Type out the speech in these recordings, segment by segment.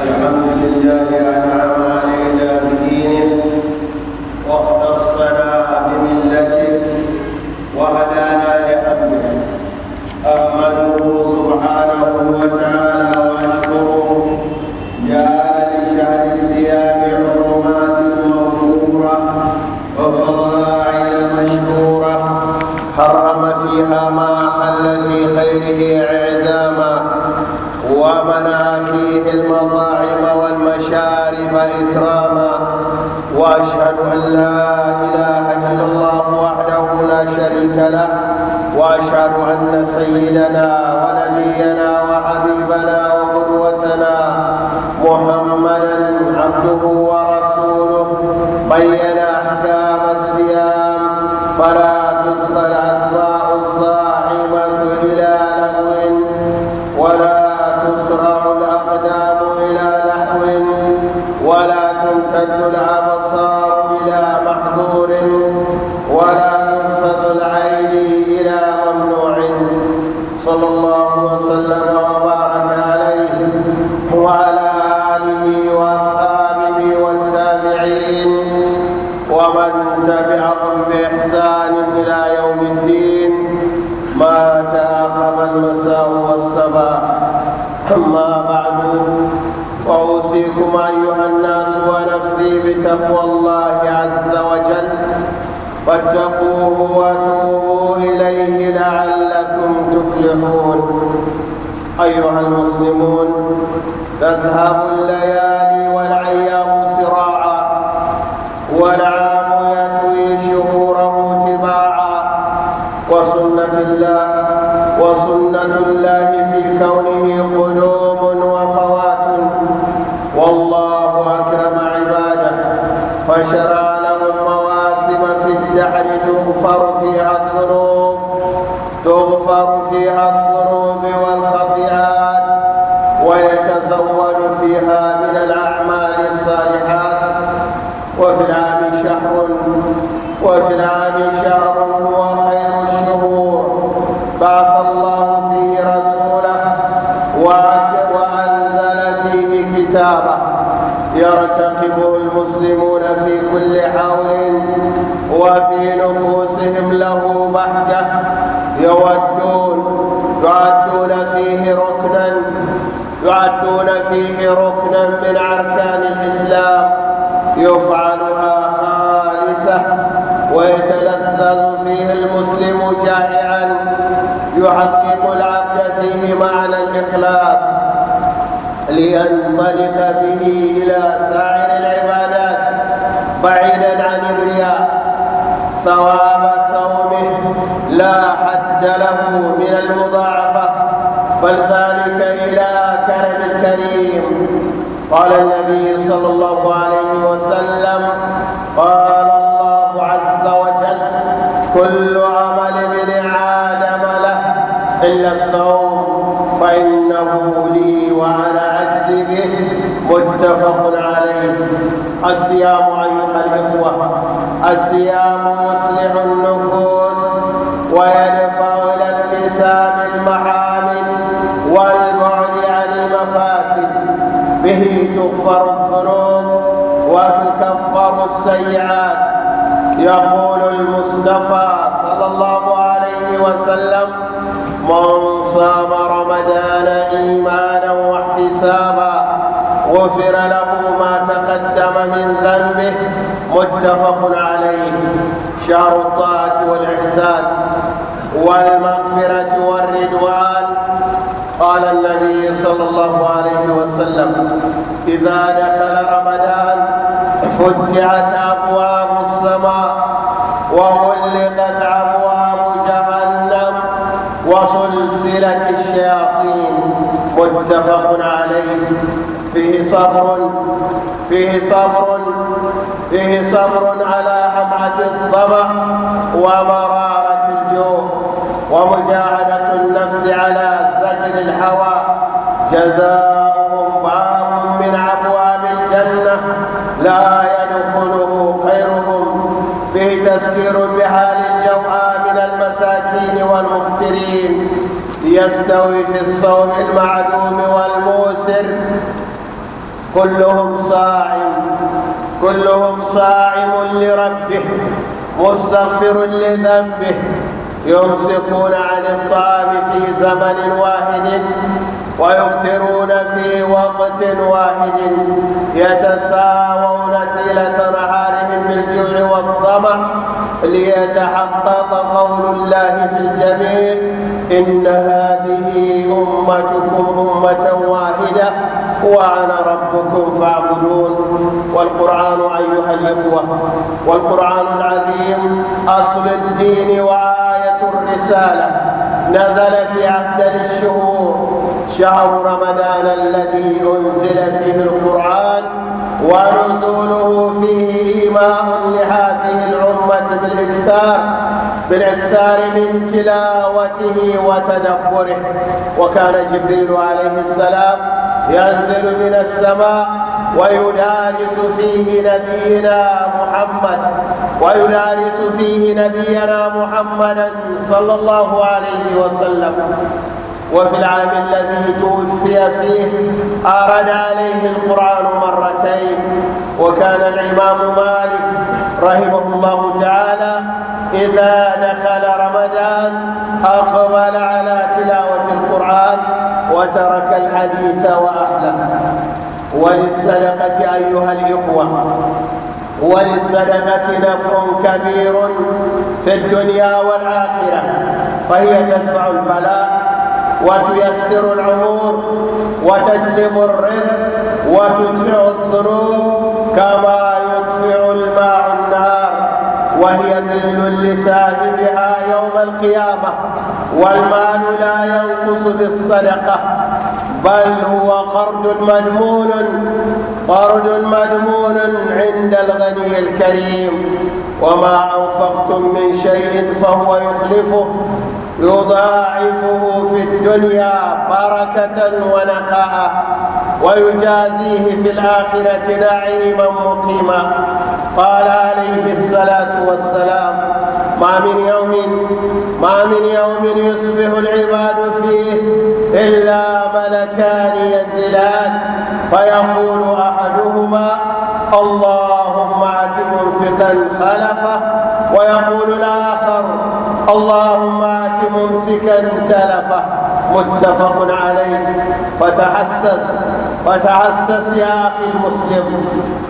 الحمد لله على صلى الله وسلم وبارك عليه وعلى آله وأصحابه والتابعين ومن تبعهم بإحسان إلى يوم الدين ما تعاقب المساء والصباح أما بعد وأوصيكم أيها الناس ونفسي بتقوى الله عز وجل فاتقوه وتوبوا إليه لعلكم مفلحون أيها المسلمون تذهب الليالي والعيام سراعا والعام يتوي شهوره تباعا وسنة الله وسنة الله في كونه قدوم وفوات والله أكرم عباده فشرى لهم مواسم في الدحر تغفر فيها تغفر فيها الذنوب والخطيئات ويتزود فيها من الأعمال الصالحات وفي العام شهر وفي العام شهر هو خير الشهور بعث الله فيه رسوله وأنزل فيه كتابه يرتقبه المسلمون في كل حول وفي نفوسهم له بهجه يودون يعدون فيه ركنا يعدون فيه ركنا من أركان الإسلام يفعلها خالصة ويتلذذ فيه المسلم جائعا يحقق العبد فيه معنى الإخلاص لينطلق به إلى سائر العبادات بعيدا عن الرياء ثواب صومه لا حق له من المضاعفة بل ذلك إلى كرم الكريم قال النبي صلى الله عليه وسلم قال الله عز وجل كل عمل ابن آدم له إلا الصوم فإنه لي وأنا أجزي به متفق عليه الصيام أيها الإخوة الصيام يصلح النفوس ويدفع إلى اكتساب المحامد والبعد عن المفاسد به تغفر الذنوب وتكفر السيئات يقول المصطفى صلى الله عليه وسلم من صام رمضان إيمانا واحتسابا غفر له ما تقدم من ذنبه متفق عليه شهر الطاعة والإحسان والمغفرة والردوان قال النبي صلى الله عليه وسلم إذا دخل رمضان فتحت أبواب السماء وغلقت أبواب جهنم وسلسلة الشياطين متفق عليه فيه صبر فيه صبر فيه صبر على حمعة الطمع ومرارة الجوع ومجاهدة النفس على سجن الهوى جزاؤهم باب من أبواب الجنة لا يدخله غيرهم فيه تذكير بحال الجوعى من المساكين والمبترين يستوي في الصوم المعدوم والموسر كلهم صاعي كلهم صاعم لربه مستغفر لذنبه يمسكون عن الطعام في زمن واحد ويفطرون في وقت واحد يتساوون طيلة نهارهم بالجوع والظمأ ليتحقق قول الله في الجميع إن هذه أمتكم أمة واحدة وأنا ربكم فاعبدون والقرآن أيها الإخوة والقرآن العظيم أصل الدين وآية الرسالة نزل في أفضل الشهور شهر رمضان الذي أنزل فيه القرآن ونزوله فيه إيماء لهذه الأمة بالإكثار بالإكثار من تلاوته وتدبره وكان جبريل عليه السلام ينزل من السماء ويدارس فيه نبينا محمد ويدارس فيه نبينا محمدا صلى الله عليه وسلم وفي العام الذي توفي فيه أرد عليه القرآن مرتين وكان الإمام مالك رحمه الله تعالى إذا دخل رمضان أقبل على تلاوة القرآن وترك الحديث وأهله وللصدقة أيها الإخوة وللصدقة نفع كبير في الدنيا والآخرة فهي تدفع البلاء وتيسر العمور وتجلب الرزق وتدفع الذنوب كما يدفع وهي ذل لساهبها يوم القيامة والمال لا ينقص بالصدقة بل هو قرض مدمون قرض مدمون عند الغني الكريم وما أنفقتم من شيء فهو يخلفه يضاعفه في الدنيا بركة ونقاء ويجازيه في الآخرة نعيما مقيما قال عليه الصلاة والسلام ما من يوم ما من يوم يصبح العباد فيه إلا ملكان ينزلان فيقول أحدهما اللهم أتم منفقا خلفه ويقول الآخر اللهم آت ممسكا تلفه متفق عليه فتحسس فتحسس يا أخي المسلم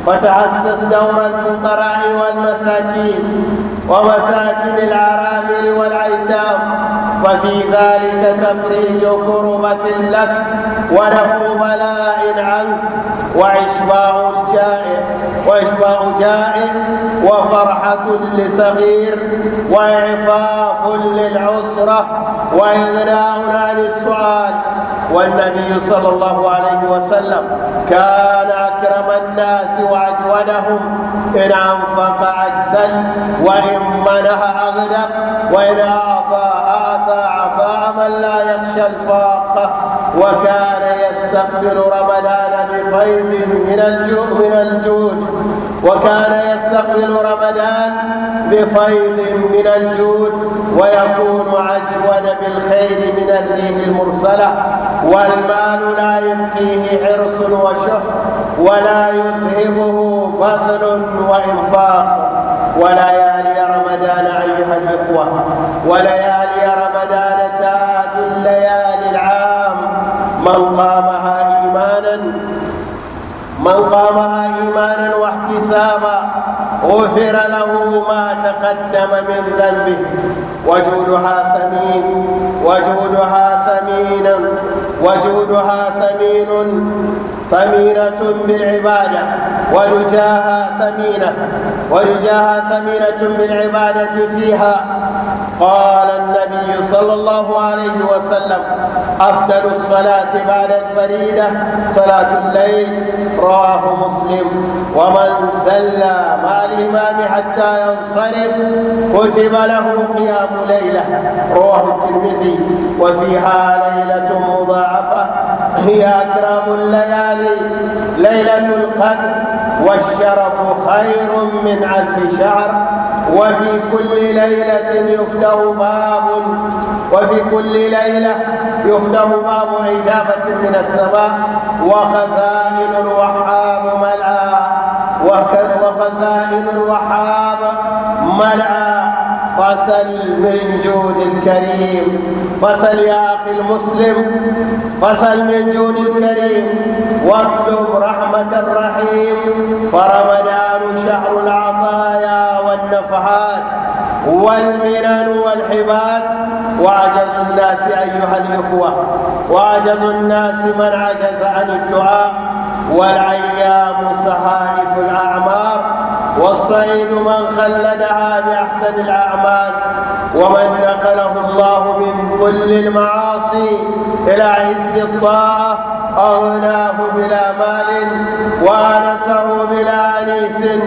فتحسس دور الفقراء والمساكين ومساكن العرامل والأيتام ففي ذلك تفريج كربة لك ونفو بلاء عنك وعشباء الجائع وإشباع جائع وفرحة لصغير وإعفاف للعسرة وإغناء عن السؤال والنبي صلى الله عليه وسلم كان أكرم الناس وأجودهم إن أنفق أجزل وإن منه أغدق وإن أعطى أعطى عطاء من لا يخشى الفاقة وكان يستقبل رمضان بفيض من الجود من الجود وكان يستقبل رمضان بفيض من الجود ويكون عجود بالخير من الريح المرسلة والمال لا يبقيه حرص وشح ولا يذهبه بذل وإنفاق وليالي رمضان أيها الإخوة وليالي إيمانا واحتسابا غفر له ما تقدم من ذنبه وجودها ثمين وجودها ثمينا وجودها ثمين ثمينة بالعبادة ورجاها ثمينة ورجاها ثمينة بالعبادة فيها قال النبي صلى الله عليه وسلم أفضل الصلاة بعد الفريدة صلاة الليل رواه مسلم ومن سلى مع الإمام حتى ينصرف كتب له قيام ليلة رواه الترمذي وفيها ليلة مضاعفة هي أكرم الليالي ليلة القدر والشرف خير من ألف شعر وفي كل ليلة يفتح باب وفي كل ليلة يفتح باب عجابة من السماء وخزائن الوحاب ملعى وخزائن الوحاب ملعى فصل من جود الكريم فصل يا أخي المسلم فصل من جود الكريم واطلب رحمة الرحيم فرمضان شهر العطايا والنفحات والمنن والحبات وعجز الناس أيها الإخوة وعجز الناس من عجز عن الدعاء والعيام صحائف الأعمار والصيد من خلدها بأحسن الأعمال ومن نقله الله من كل المعاصي إلى عز الطاعة أغناه بلا مال وأنسه بلا أنيس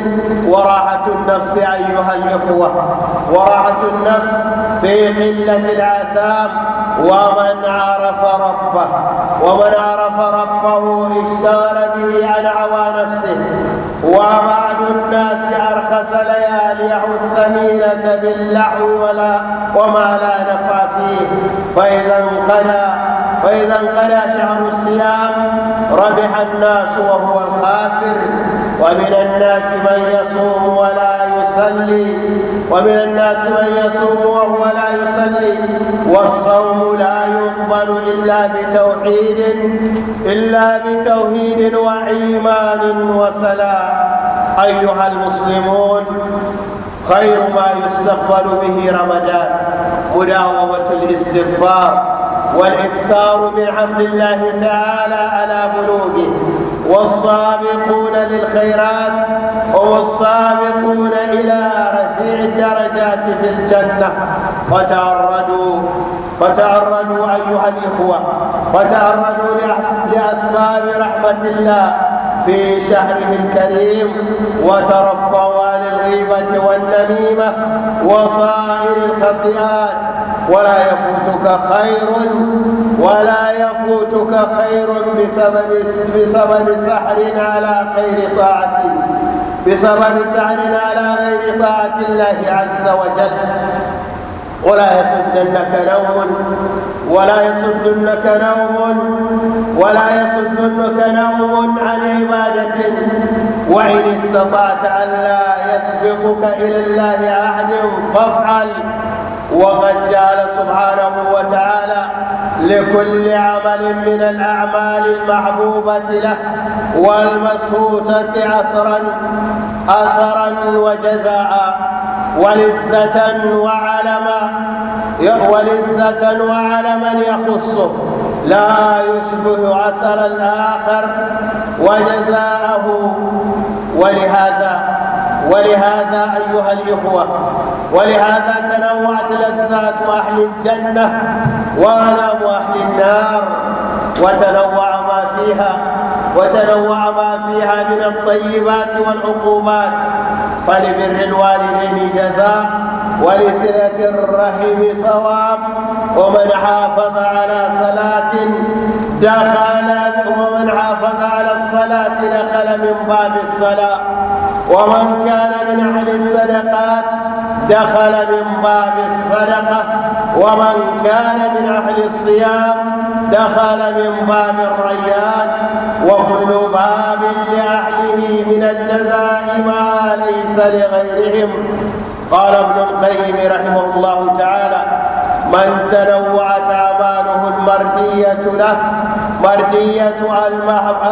وراحة النفس أيها الإخوة وراحة النفس في قلة العثام ومن عرف ربه ومن عرف ربه اشتغل به عن عوى نفسه وبعض الناس أرخص لياليه الثمينة باللعو ولا وما لا نفع فيه فإذا انقضى فإذا انقضى شهر الصيام ربح الناس وهو الخاسر ومن الناس من يصوم ولا يصلي ومن الناس من يصوم وهو لا يصلي والصوم لا يقبل إلا بتوحيد إلا بتوحيد وإيمان وصلاة أيها المسلمون خير ما يستقبل به رمضان مداومة الاستغفار والإكثار من حمد الله تعالى على بلوغه والصابقون للخيرات هم السابقون إلى رفيع الدرجات في الجنة فتعرضوا فتعرضوا أيها الإخوة فتعرضوا لأسباب رحمة الله في شهره الكريم وترفعوا عن الغيبة والنميمة وصائر الخطيئات ولا يفوتك خير ولا يفوتك خير بسبب بسبب سحر على خير طاعة بسبب سعر على غير طاعة الله عز وجل ولا يسدنك نوم ولا يسدنك نوم ولا يسدنك نوم عن عبادة وإن استطعت أن لا يسبقك إلى الله عهد فافعل وقد جعل سبحانه وتعالى لكل عمل من الأعمال المحبوبة له والمسخوطة أثرا أثرا وجزاء ولذة وعلما ولذة وعلما يخصه لا يشبه عسل الآخر وجزاءه ولهذا ولهذا أيها الإخوة ولهذا تنوعت لذات أهل الجنة وآلام أهل النار وتنوع ما فيها وتنوع ما فيها من الطيبات والعقوبات فلبر الوالدين جزاء ولسلة الرحم ثواب ومن حافظ على صلاة دخل ومن حافظ على الصلاة دخل من باب الصلاة ومن كان من أهل الصدقات دخل من باب الصدقة ومن كان من أهل الصيام دخل من باب الريان وكل باب لأهله من الجزاء ما ليس لغيرهم قال ابن القيم رحمه الله تعالى من تنوعت أعماله المردية له مردية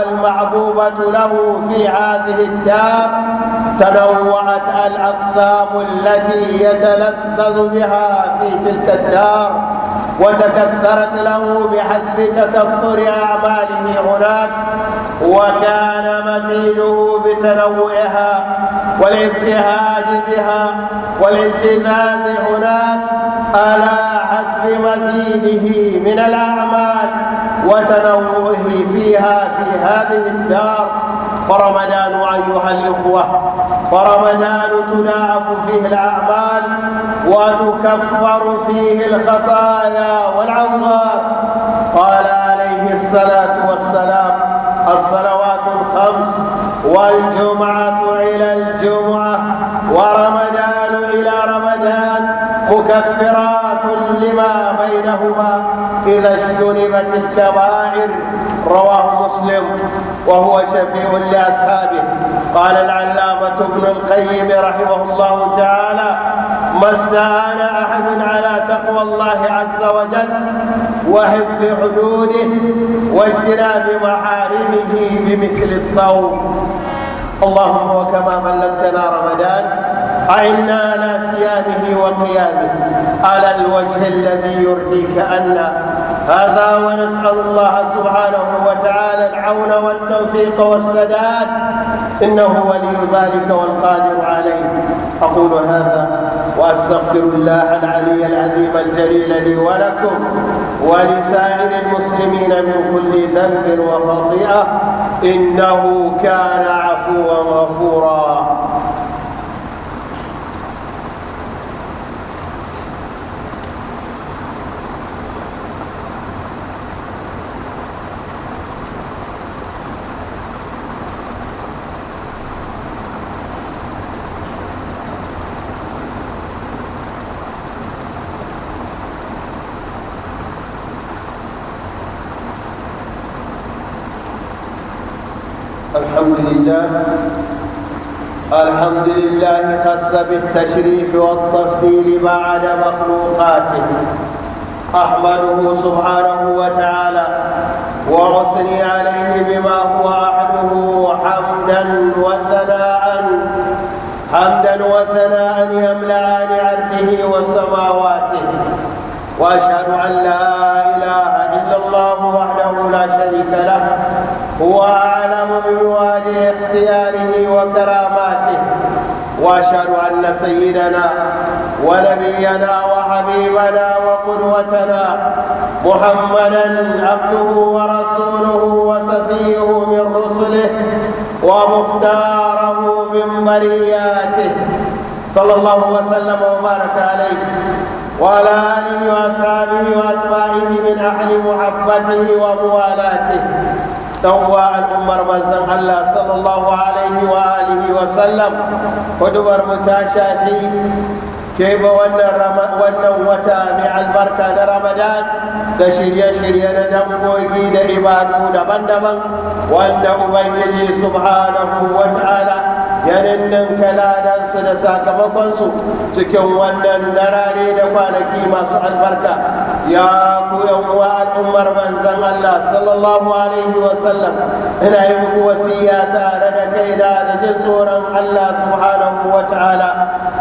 المحبوبة له في هذه الدار تنوعت الأقسام التي يتلذذ بها في تلك الدار وتكثرت له بحسب تكثر أعماله هناك وكان مزيده بتنوعها والابتهاج بها والالتذاذ هناك على حسب مزيده من الأعمال وتنوعه فيها في هذه الدار فرمضان أيها الإخوة فرمضان تناعف فيه الأعمال وتكفر فيه الخطايا والعوضات قال عليه الصلاة والسلام الصلوات الخمس والجمعة إلى الجمعة ورمضان إلى رمضان مكفرات لما بينهما إذا اجتنبت الكبائر رواه مسلم وهو شفيع لأصحابه قال العلامة ابن القيم رحمه الله تعالى ما استعان أحد على تقوى الله عز وجل وحفظ حدوده واجتناب محارمه بمثل الصوم اللهم وكما بلغتنا رمضان أعنا على صيامه وقيامه على الوجه الذي يرضيك عنا هذا ونسأل الله سبحانه وتعالى العون والتوفيق والسداد إنه ولي ذلك والقادر عليه أقول هذا وأستغفر الله العلي العظيم الجليل لي ولكم ولسائر المسلمين من كل ذنب وخطيئة إنه كان عفوا غفورا الحمد لله الحمد لله خص بالتشريف والتفضيل بعد مخلوقاته احمده سبحانه وتعالى واثني عليه بما هو احده حمدا وثناء حمدا وثناء يملأان عرضه وسماواته واشهد ان لا هو أعلم بمواجه اختياره وكراماته وأشهد أن سيدنا ونبينا وحبيبنا وقدوتنا محمدا عبده ورسوله وسفيه من رسله ومختاره من برياته صلى الله وسلم وبارك عليه وعلى آله وأصحابه وأتباعه من أهل محبته وموالاته دوا الأمر بزن الله صلى الله عليه وآله وسلم قدور متاشفي كيف وانا رمضان وانا وتا مع البركة رمضان دا شريا شريا ندم بوغي دا عبادو دا بندبا وانا أبنجي سبحانه وتعالى yanin ninninka ladansu da sakamakonsu cikin wannan darare da kwanaki masu albarka ya ku uwa al'ummar manzan Allah sallallahu alaihi wasallam ina yi muku wasiya tare da kaida da jin tsoron Allah subhanahu wa ta'ala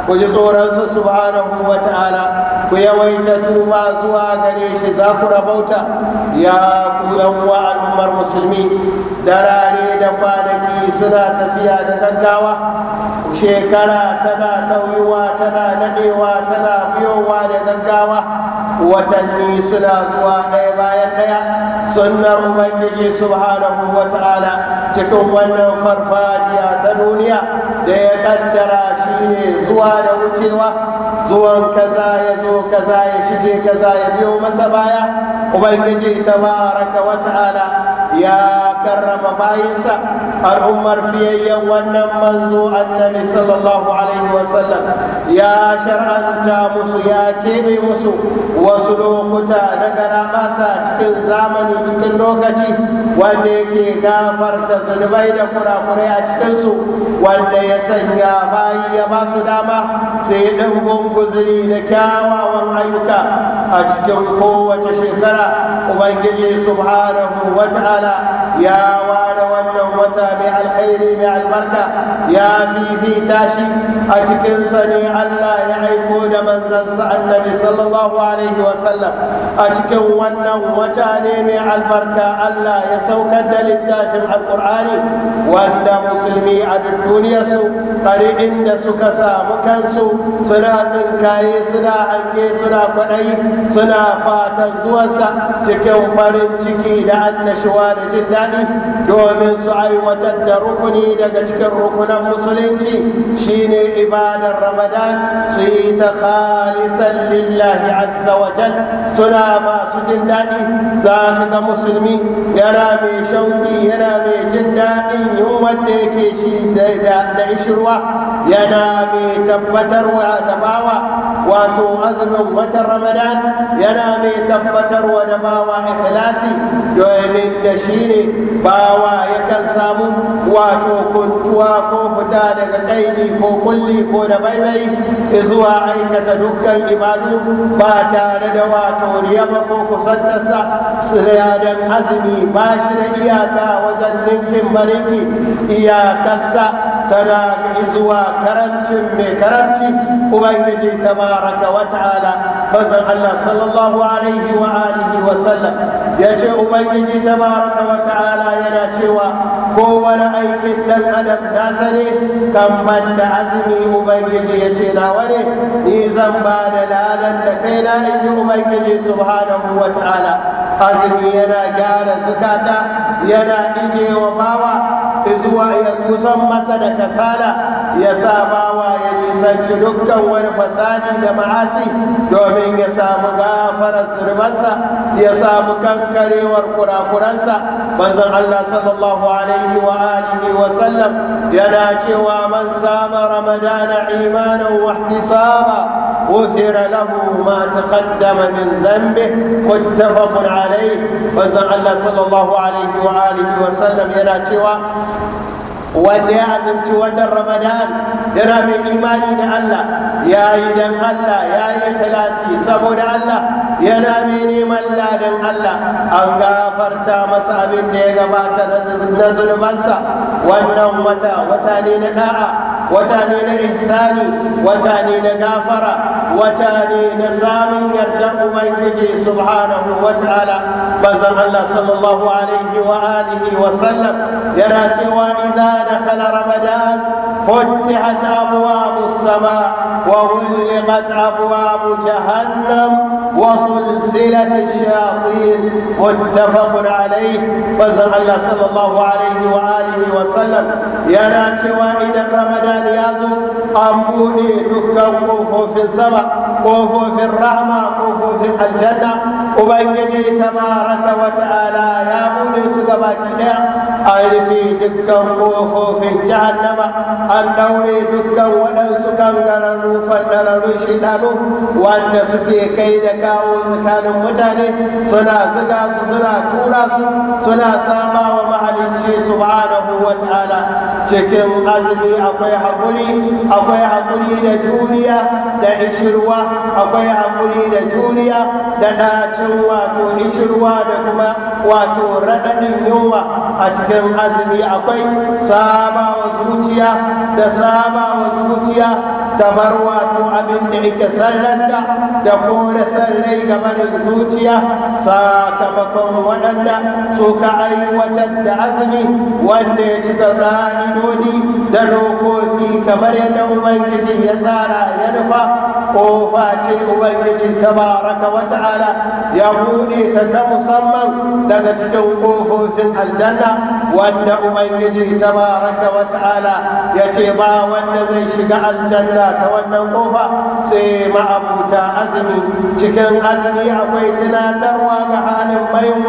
ku ji tsoronsa subhanahu wa ta'ala ku yawaita tuba zuwa gare shi za ku rabauta ya ku uwa al'ummar musulmi darare da kwanaki suna tafiya da gaggawa shekara tana tauyuwa tana nadewa tana biyowa da gaggawa watanni suna zuwa ɗaya bayan ɗaya sunnar ubangiji subhanahu wa ta'ala cikin wannan farfajiya ta duniya da ya kaddara shine zuwa da wucewa zuwan kaza ya zo kaza ya shige kaza ya biyo masa baya ubangiji tabaraka wa ta'ala ya karrama bayinsa al'ummar fiyayyen wannan manzo annabi sallallahu alaihi wasallam ya shar'anta musu ya keɓe musu wasu lokuta na garabasa cikin zamani cikin lokaci wanda yake gafarta zunubai da kurakurai a cikinsu wanda ya sanya bayi ya ba su dama sai ɗin guzuri da kyawawan ayyuka a cikin kowace shekara ubangiji subhanahu wa ta'ala ya ware wannan wata mai alkhairi خيري مع البركة يا في في تاشي أتكن صنيع الله يعيكون من زنس النبي صلى الله عليه وسلم أتكن ونو وتاني مع البركة الله يسوك الدليل تاشم القرآن وند مسلمي عن الدنيا سو طريق عند سكسا مكنسو سنا ثنكاي سنا حنكي سنا قني سنا فاتن زوسا تكن فرن تكيد أن شوار جنداني دومن سعي وتدرو rukuni daga cikin rukunan musulunci shine ibadar ramadan su yi ta khalisan lillahi azza wa jal suna su jin daɗi za ka ga musulmi yana mai shauƙi yana mai jin daɗin yin wanda yake shi da ishirwa yana mai tabbatarwa da bawa wato azumin watan ramadan yana mai tabbatarwa da bawa ikhlasi domin da shine bawa yakan samu wa wato kuntuwa ko fita daga kaidi ko kulli ko da baibai zuwa aikata dukkan ibadu ba tare da wato riya ba ko kusantarsa tsiradan azumi ba shi da iyaka wajen ninkin bariki iyakarsa tana izuwa karamcin mai karamci ubangiji tabaraka wa ta'ala manzon Allah sallallahu alaihi wa alihi wa sallam ya ce ubangiji tabaraka wa ta'ala yana cewa kowane aikin dan adam nasa sare kan banda azumi ubangiji ya ce nawa ne ni zan ba da ladan da kai na inji ubangiji subhanahu wa ta'ala azumi yana gyara zakata yana ijewa bawa zuwa ya kusan masa da kasala ya sa bawa ya nisanci dukkan wani fasadi da ma'asi domin ya samu gafarar zunubansa ya samu kankarewar kurakuransa manzon Allah sallallahu alaihi wa alihi wa sallam yana cewa man sama ramadana imanan wa ihtisaba غفر له ما تقدم من ذنبه متفق عليه وزن الله صلى الله عليه وآله وسلم ينا cewa wanda ya azumci watan ramadan yana mai imani da allah ya yi don allah ya yi ikhlasi saboda allah yana mai neman ladan allah an gafarta masa abin da ya gabata na zunubansa wannan wata wata ne na da'a وتاني إحسان وتاني نغافر وتاني نسام يردق بنكجي سبحانه وتعالى بزم الله صلى الله عليه وآله وسلم يراتي وإذا دخل رمضان فتحت أبواب السماء وغلقت أبواب جهنم وسلسلة الشياطين متفق عليه وزغ الله صلى الله عليه وآله وسلم يا ناتي وإذا رمضان imani ya zo an buɗe dukkan ƙofofin sama ƙofofin rahama ƙofofin aljanna ubangiji tabaraka wa ta'ala ya buɗe su gaba ɗaya an rufe dukkan ƙofofin jahannama an daure dukkan waɗansu kangararru fandararrun shidanu wanda suke kai da kawo tsakanin mutane suna zuga su suna tura su suna sama wa mahalicci subhanahu wa ta'ala cikin azumi akwai haƙuri akwai haƙuri da juriya da ishirwa akwai haƙuri da juriya da ɗacin wato ishirwa da kuma wato raɗaɗin yunwa a cikin azumi akwai saba wa zuciya da saba wa zuciya ta bar wato abin da yake sallanta da kore sallai gabanin zuciya sakamakon waɗanda suka aiwatar da azumi wanda ya cika ƙa'idodi da rokoki nauyi kamar yadda ubangiji ya tsara ya nufa ƙofa ce ubangiji tabaraka wa ta'ala ya buɗe ta ta musamman daga cikin ƙofofin aljanna wanda ubangiji tabaraka wa ta'ala ya ce ba wanda zai shiga aljanna ta wannan ƙofa sai ma'abuta azumi cikin azumi akwai tunatarwa ga halin bayin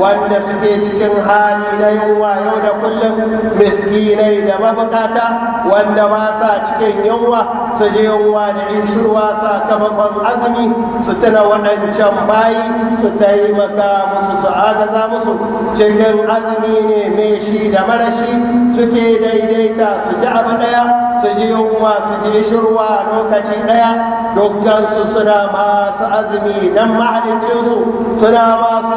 wanda suke cikin hali na yunwa yau da kullum miskinai da mabukata wanda ba sa cikin yunwa su je yunwa da inshurwa sakamakon azumi su tuna waɗancan bayi su taimaka musu su agaza musu cikin azumi ne mai shi da marashi suke daidaita su ji abu ɗaya su ji yunwa su ji shirwa lokaci ɗaya dukkansu suna masu azumi don mahalicinsu suna masu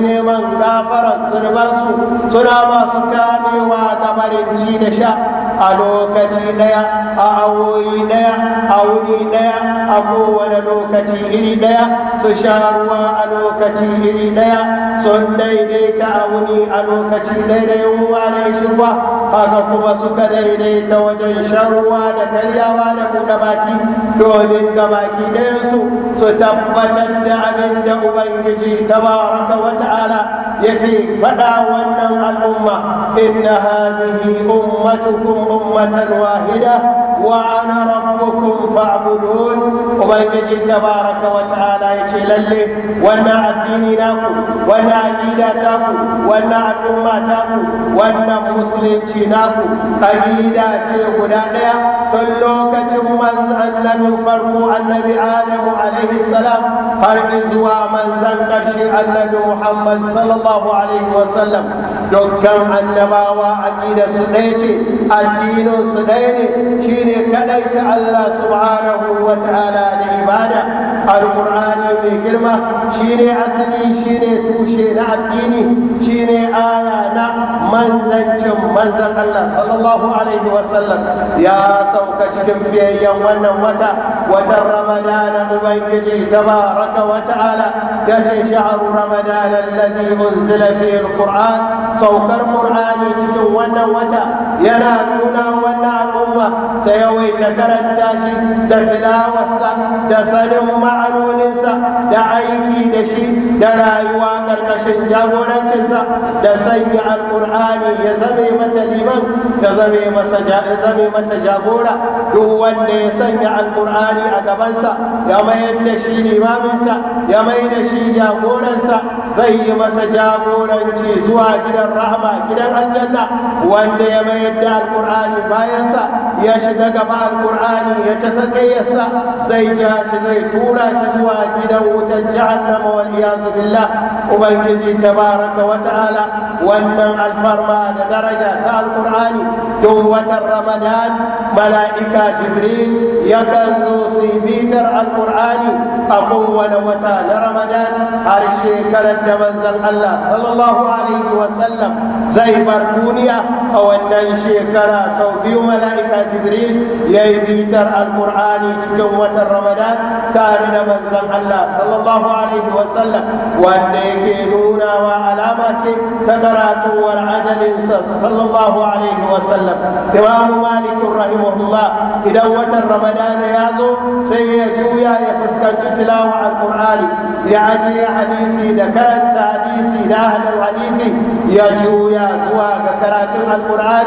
neman gafarar zunubansu suna masu kamewa gabarinci da sha a lokaci ɗaya, a awoyi daya a wuni daya a kowane lokaci iri ɗaya, su sha ruwa a lokaci iri ɗaya sun daidaita a wuni a lokaci daidai yunwa da ruwa? haka kuma suka daidaita wajen shan ruwa da karyawa da buɗe baki domin ga baki ɗayansu su tabbatar da abin da ubangiji tabaraka wa ta'ala yake faɗa wannan al'umma inna hadihi ummatukum أمة واحدة وأنا ربكم فاعبدون وبيجي تبارك وتعالى يتلله وانا الديني ناكو وانا عقيدة تاكو وانا الأمة تاكو وانا مسلم ناكو عقيدة تيغنا ديا تلوكة نبي النبي فرقو النبي آدم عليه السلام هرنزوا من زنقر شيء النبي محمد صلى الله عليه وسلم dukkan annabawa aƙida su ɗaya ce addinin su ɗaya ne shine kaɗaita Allah subhanahu wa ta'ala da ibada alqur'ani mai girma shine asali shine tushe na addini shine aya na manzancin manzan Allah sallallahu alaihi wasallam ya sauka cikin fiyayyen wannan wata watan ramadan ubangiji tabaraka wa ta'ala ya ce shaharu ramadana alladhi unzila fihi alquran saukar qur'ani cikin wannan wata yana nuna wannan al'umma ta ta karanta shi da tilawarsa da sanin ma'anoninsa da aiki da shi da rayuwa karkashin jagorancinsa da sanya alkur'ani ya zame mata liman da zame masa zame mata jagora duk wanda ya sanya alkur'ani a gabansa ya mayar da shi limaminsa ya mai da shi jagoransa zai yi masa jagoranci zuwa gidan rahma gidan aljanna wanda ya mayar da alkur'ani bayansa ya shiga gaba alkur'ani ya ci sakayyarsa zai ja shi zai tura shi zuwa gidan wutan jahannama wal iyazu billah ubangiji tabaraka wa ta'ala wannan alfarma da daraja ta alkur'ani duk watan ramadan mala'ika jibril yakan zo su yi bitar alkur'ani a kowane wata na ramadan har shekarar da manzon allah sallallahu alaihi wasallam wasallam zai bar duniya a wannan shekara sau biyu mala'ika jibril ya yi bitar alkur'ani cikin watan ramadan tare da manzan allah sallallahu alaihi wasallam wanda yake nunawa alama ce ta karatuwar ajalinsa sallallahu alaihi wasallam imamu malikun rahimahullah idan watan ramadana ya zo sai ya juya ya fuskanci tilawa alkur'ani ya ajiye hadisi da karanta hadisi da ahalin hadisi يجو يا زواج كرات القرآن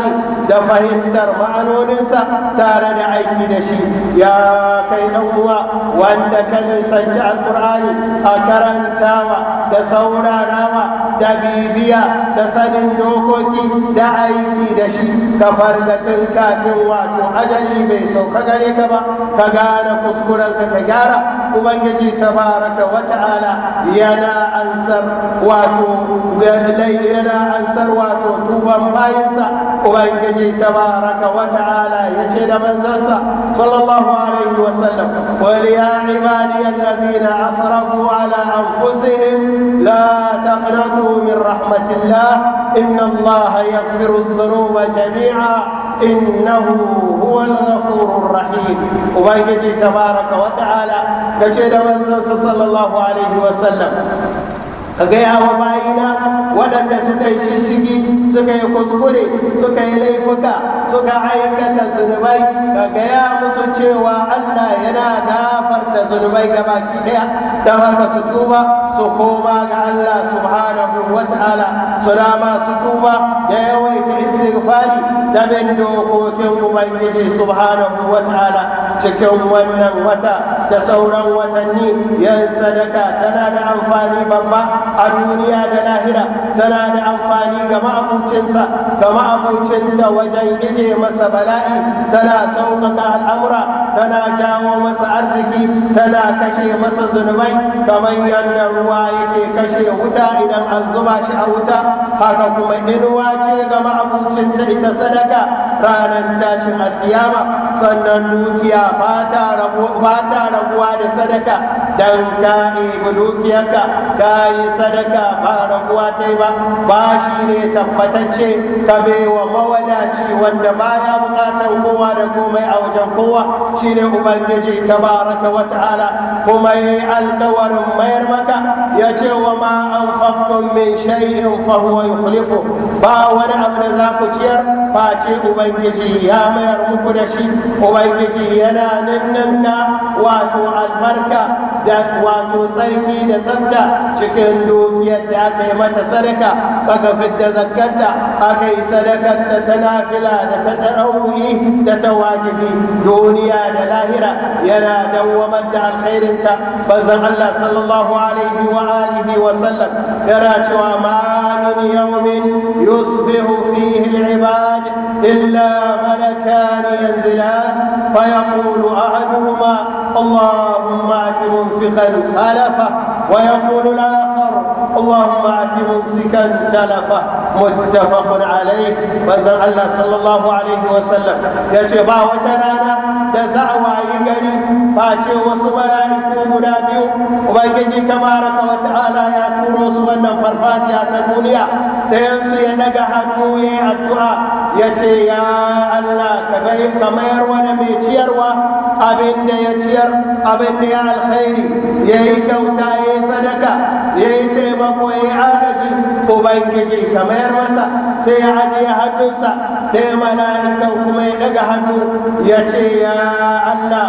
دفهم ترمانون نونسا تارن عيكي دشي يا كي نوموا واند كذي سنجع القرآن أكران تاوى دسورا ناوى دبيبيا دسن دوكوكي دا عيكي دشي كفرقة كاكم واتو أجلي بيسو كغالي كبا كغانا كسكورا كغارا وبنجي تبارك وتعالى ينا أنصر واتو غير ليلي ينا yana ansar wato tuban bayinsa ubangiji tabaraka wa ta'ala ya ce da manzansa sallallahu alaihi wasallam qul ya ibadi alladhina asrafu ala anfusihim la taqnatu min rahmatillah inna allaha yaghfiru adh-dhunuba jami'a إنه هو الغفور الرحيم وبنجي تبارك وتعالى قد من صلى الله عليه وسلم ka gaya wa bayina waɗanda suka yi shishigi suka yi kuskure suka yi laifuka suka aikata zunubai ka gaya musu cewa allah yana gafarta zunubai ga baki ɗaya don haka su tuba su koma ga allah subhanahu wa ta'ala su rama su tuba da yawaita istighfari da bin dokokin ubangiji subhanahu wa ta'ala cikin wannan wata da sauran watanni yan sadaka tana da amfani babba a duniya da lahira tana da amfani ga ma'abucinsa ga ma'abucinta wajen gije masa bala'i tana sauƙaƙa al'amura tana jawo masa arziki tana kashe masa zunubai kamar yadda ruwa yake kashe wuta idan an zuba shi a wuta haka kuma inuwa ce ga ma'abucinta ita sadaka ranar tashin alkiyama sannan dukiya Allah ba ta rabuwa da sadaka dan ka ɗebi dukiyarka sadaka ba rabuwa ta ba ba shi ne tabbatacce ka wa mawadaci wanda baya bukatan kowa da komai a wajen kowa shi ne ubangiji tabaraka wa ta'ala kuma ya yi alkawarin mayar maka ya ce wa ma an fakkun min shay'in fa huwa yukhlifu ba wani abu da za ku ciyar face ubangiji ya mayar muku da shi ubangiji ya tsananin ninka wato albarka da wato tsarki da tsafta cikin dukiyar da aka yi mata sadaka aka fidda zakkarta aka yi sadakarta ta nafila da ta ɗauri da ta wajibi duniya da lahira yana dawwamar da alkhairinta bazan Allah sallallahu alaihi wa alihi wa sallam yana cewa ma min yawmin yusbihu fihi al-ibad illa malakani yanzilan fa يقول أحدهما اللهم ات منفقا خلفه ويقول الآخر اللهم أتي ممسكا تلفه متفق عليه وزن الله صلى الله عليه وسلم يأتي باوة نانا دزعوا أيقلي فأتي وصملان كوبنا بيو وبيجي تبارك وتعالى يا تروس وانا فرفاد يا تدونيا تنسي ينقح نوي الدعاء يأتي يا الله كبير كمير ونمي تيروا أبن يتير أبن يا الخير يأيك وتأيك ya yi sadaka ya yi taimako ya yi agaji ubangiji ka mayar masa sai ya ajiye hannunsa ɗaya mala'ikan kuma ya daga hannu ya ce ya allah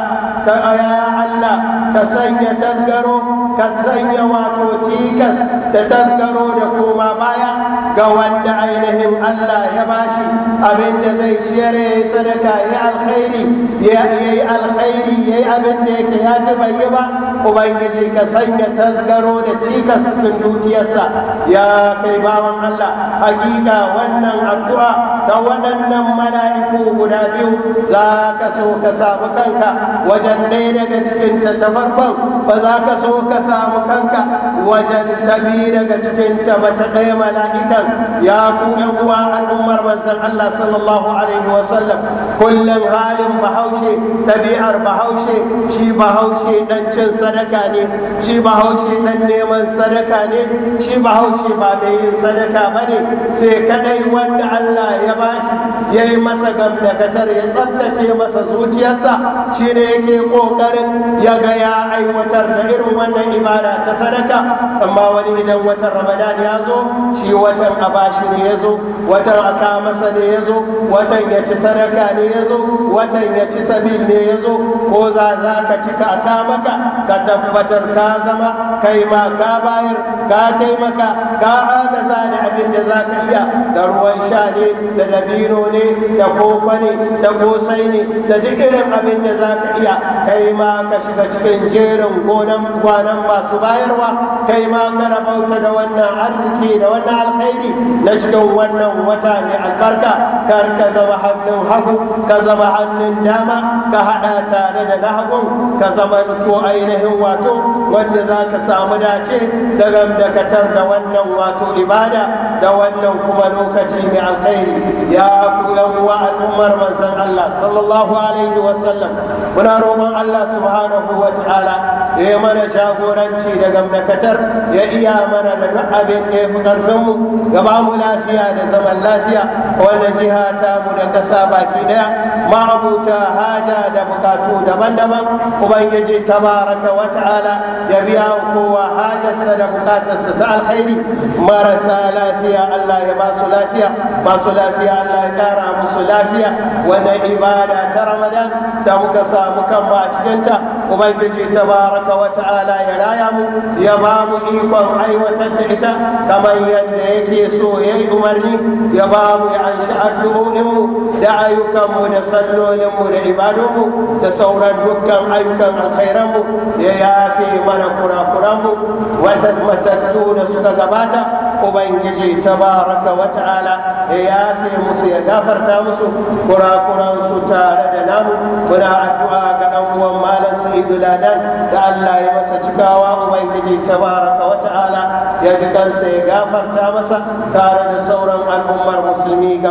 ka ya allah ka sanya tasgaro ka sanya wato cikas da tasgaro da koma baya ga wanda ainihin allah ya bashi abin da zai ciyar ya yi sadaka ya alkhairi ya yi alkhairi ya yi abin da yake ya fi bai yi ba ubangiji ka sanya tasgaro da cikas cikin dukiyarsa ya kai kai bawan Allah hakika wannan addu'a ta waɗannan mala'iku guda biyu za ka so ka samu kanka wajen ɗaya daga cikin ta ta farkon ba za ka so ka samu kanka wajen ta biyu daga cikin ta ba ta ɗaya mala'ikan ya ku yan uwa al'ummar manzon Allah sallallahu alaihi sallam kullum halin bahaushe ɗabi'ar bahaushe shi bahaushe ɗan cin sadaka ne shi bahaushe ɗan neman sadaka ne shi bahaushe ba mai yin sadaka ba ne sai kadai wanda allah ya bashi ya yi masa gamdakatar ya tsabtace masa zuciyarsa shine yake kokarin ya ga ya aiwatar da irin wannan ibada ta sadaka amma wani idan watan ramadan ya zo shi watan a shi ne ya zo watan a ka masa ne ya zo watan ya ci sadaka ne ya zo watan ya ci sabil ne ya zo ko za za ka ci ka ka maka ka tabbatar ka zama kai ma ka bayar ka taimaka ka ka zane abin da za ka iya da ruwan sha ne da dabino ne da koko ne da gosai ne da duk irin abin da za ka iya kai ma ka shiga cikin jerin gonan kwanan masu bayarwa kai ma ka rabauta da wannan arziki da wannan alkhairi na cikin wannan wata mai albarka kar ka zama hannun hagu ka zama hannun dama ka haɗa tare da na hagun ka zamanto ainihin wato wanda za ka samu dace da gamdakatar da wannan wato ibada da wannan kuma lokaci mai alkhairi ya ku uwa al'ummar manzon Allah sallallahu alaihi wasallam muna roƙon Allah subhanahu wa ta'ala ya yi mana jagoranci da gamdakatar ya iya mana da duk abin da ya fi ƙarfinmu ga ba mu lafiya da zaman lafiya wannan jiha ta mu da ƙasa baki ɗaya abuta haja da bukatu daban-daban ubangiji tabaraka wa ta'ala ya biya kowa hajarsa da bukatarsa ta alkhairi marasa lafiya allah ya ba su lafiya masu lafiya allah ya kara musu lafiya wannan ibada ta ramadan da muka samu kan ba a cikinta ubangiji tabaraka tabaraka wa ta'ala ya raya mu ya ba mu ikon aiwatar da ita kamar yadda yake so ya yi umarni ya ba mu ya anshi addu'o'inmu da ayyukanmu da sallolinmu da ibadunmu da sauran dukkan ayyukan alkhairanmu ya yafe mana kurakuranmu Wata matattu da suka gabata ubangiji tabaraka wa ta'ala ya yafe musu ya gafarta musu kurakuransu tare da namu muna addu'a ga ɗan uwan malam sa'idu ladan da Allah ya masa cikawa ubangiji tabaraka wa ta'ala ya ji kansa ya gafarta masa tare da sauran al'ummar musulmi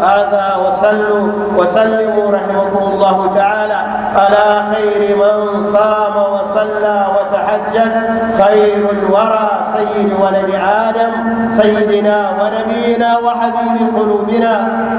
هذا وصلوا وسلموا رحمكم الله تعالى على خير من صام وصلى وتحجد خير الورى سيد ولد آدم سيدنا ونبينا وحبيب قلوبنا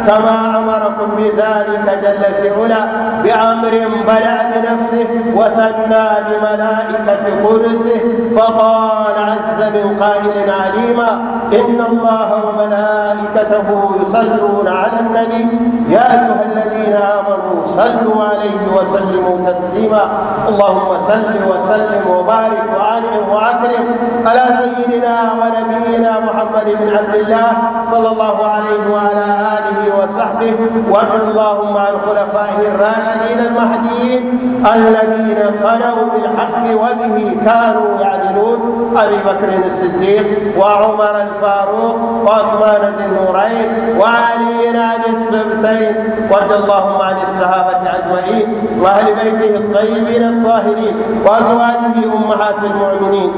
كما أمركم بذلك جل في علا بأمر بدأ بنفسه وثنى بملائكة قدسه فقال عز من قائل عليما إن الله وملائكته يصلون على النبي يا أيها الذين آمنوا صلوا عليه وسلموا تسليما اللهم سل وسلم وبارك وعلم وأكرم على سيدنا ونبينا محمد بن عبد الله صلى الله عليه وعلى آله وصحبه وارض اللهم عن خلفائه الراشدين المهديين الذين الذين قالوا بالحق وبه كانوا يعدلون أبي بكر الصديق وعمر الفاروق وعثمان ذي النورين وعلينا بالسبتين وارض اللهم عن الصحابة أجمعين وأهل بيته الطيبين الطاهرين وأزواجه أمهات المؤمنين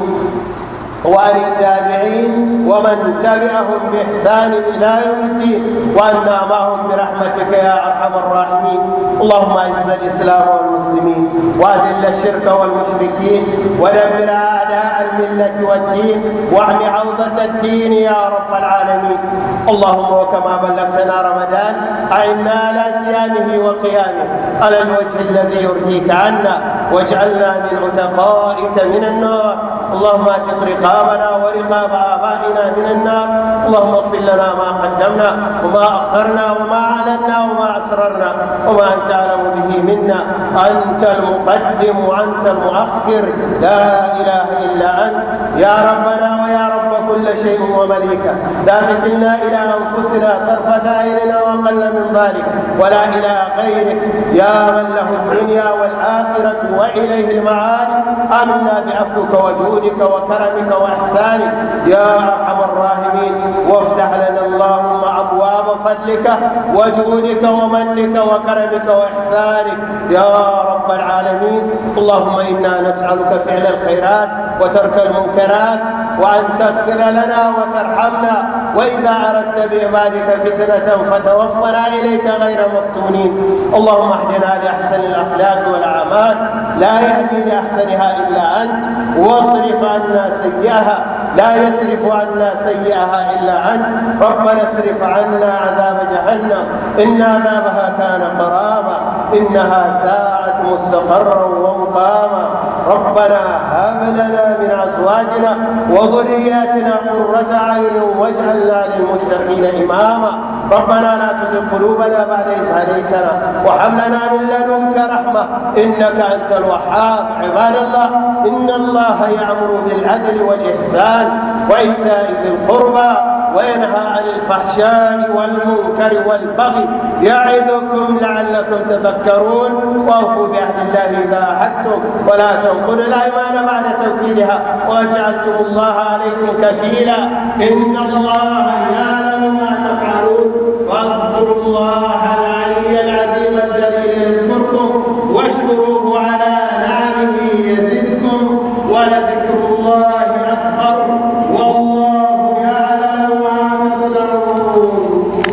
وعن التابعين ومن تبعهم بإحسان إلى يوم الدين وأنا معهم برحمتك يا أرحم الراحمين اللهم أعز الإسلام والمسلمين وأذل الشرك والمشركين ودمر أعداء الملة والدين واعم عوضة الدين يا رب العالمين اللهم وكما بلغتنا رمضان أعنا على صيامه وقيامه على الوجه الذي يرضيك عنا واجعلنا من عتقائك من النار اللهم اتق رقابنا ورقاب آبائنا من النار اللهم اغفر لنا ما قدمنا وما أخرنا وما أعلنا وما أسررنا وما أنت أعلم به منا أنت المقدم وأنت المؤخر لا إله إلا أنت يا ربنا ويا رب كل شيء ومليكه لا تكلنا إلى أنفسنا طرفة عيننا وقل من ذلك ولا إلى غيرك يا من له الدنيا والآخرة وإليه المعاد آمنا بعفوك وجودك وكرمك وإحسانك يا أرحم الراحمين وافتح لنا اللهم أبواب فضلك وجودك ومنك وكرمك وإحسانك يا رب العالمين اللهم إنا نسألك فعل الخيرات وترك المنكرات وأن تغفر لنا وترحمنا وإذا أردت بعبادك فتنة فتوفنا إليك غير مفتونين اللهم اهدنا لأحسن الأخلاق والعالمين الرحمن لا يهدي لأحسنها إلا أنت واصرف عنا سيئها لا يصرف عنا سيئها إلا عنك ربنا اصرف عنا عذاب جهنم إن عذابها كان قرابا إنها ساعت مستقرا ومقاما ربنا هب لنا من أزواجنا وذرياتنا قرة عين واجعلنا للمتقين إماما ربنا لا تزغ قلوبنا بعد إذ هديتنا وهب لنا من لدنك رحمة إنك أنت الوهاب عباد الله إن الله يأمر بالعدل والإحسان الإحسان وإيتاء ذي القربى وينهى عن الفحشاء والمنكر والبغي يعظكم لعلكم تذكرون وأوفوا بعهد الله إذا عهدتم ولا تنقلوا الأيمان بعد توكيدها وجعلتم الله عليكم كفيلا إن الله يعلم ما تفعلون فاذكروا الله